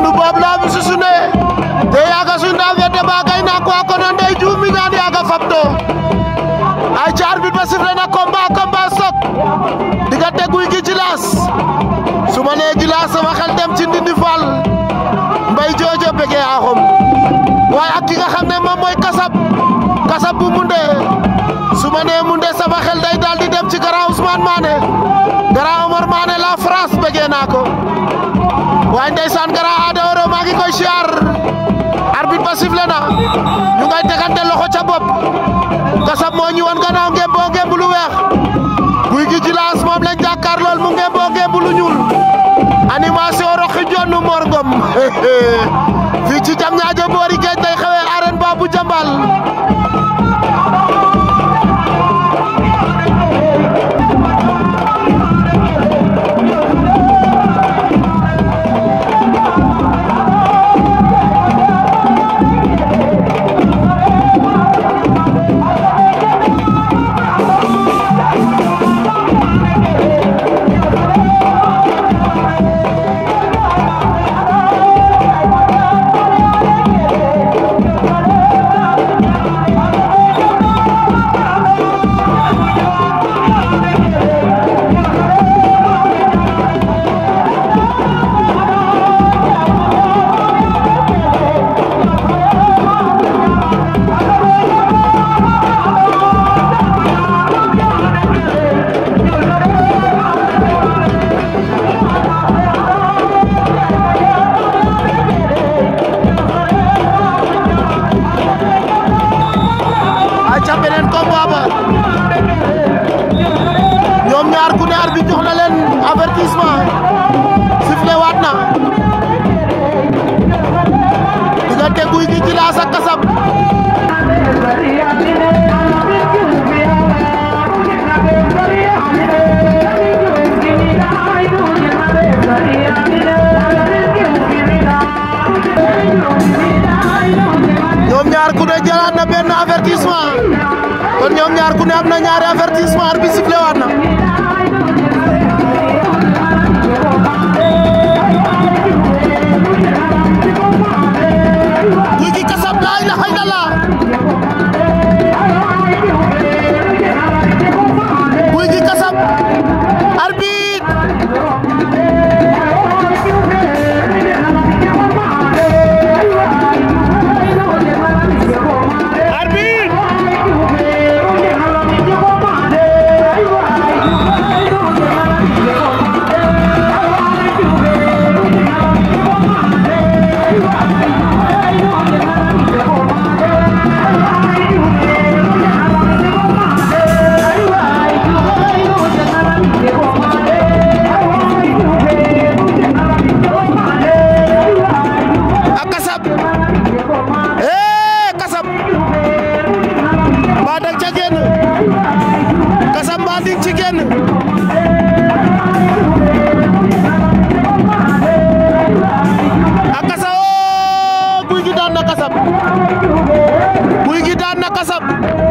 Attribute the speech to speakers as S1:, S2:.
S1: Bandu boobu laa bisu su te yaaga suñ naa wedde ba gay naa ko ko non day juum mi ñaan ay caar bi ba sifle na combat combat sok diggante Gouye Gui Djilass su ma nee Djilass sama xel dem ci Ndindi Fall mbay joojo bege waaye ak ki nga xam ne moom mooy kasab kasab bu munde su ma nee munde sama xel day daal di dem ci Gara Ousmane Mané Gara Omar Mané la France bege naa ko koy siyaar arbitre ba sifflé na ñu ngay tegante loxo ca bopp Kasam moo ñu woon gannaaw ngeen boo ngeen lu weex guy gi Djilass moom lañ jàkkaar lool mu ngeen boo lu ñuul animation roxi jonn Mor Ngom fii ci jam ñaajo boori ñaar bi jox na leen avertissement sifflé waat na diggante Gouye Gui Djilass ak Kassab ñoom ñaar ku ne jëlaat na benn avertissement kon ñoom ñaar ku ne am na ñaari avertissement arbitre bi sifflé waat na eh kasam mbaa dag ca génn kasam mbaa ci génn a kasa o gi daan na kasam oh, buy gi daan na kasam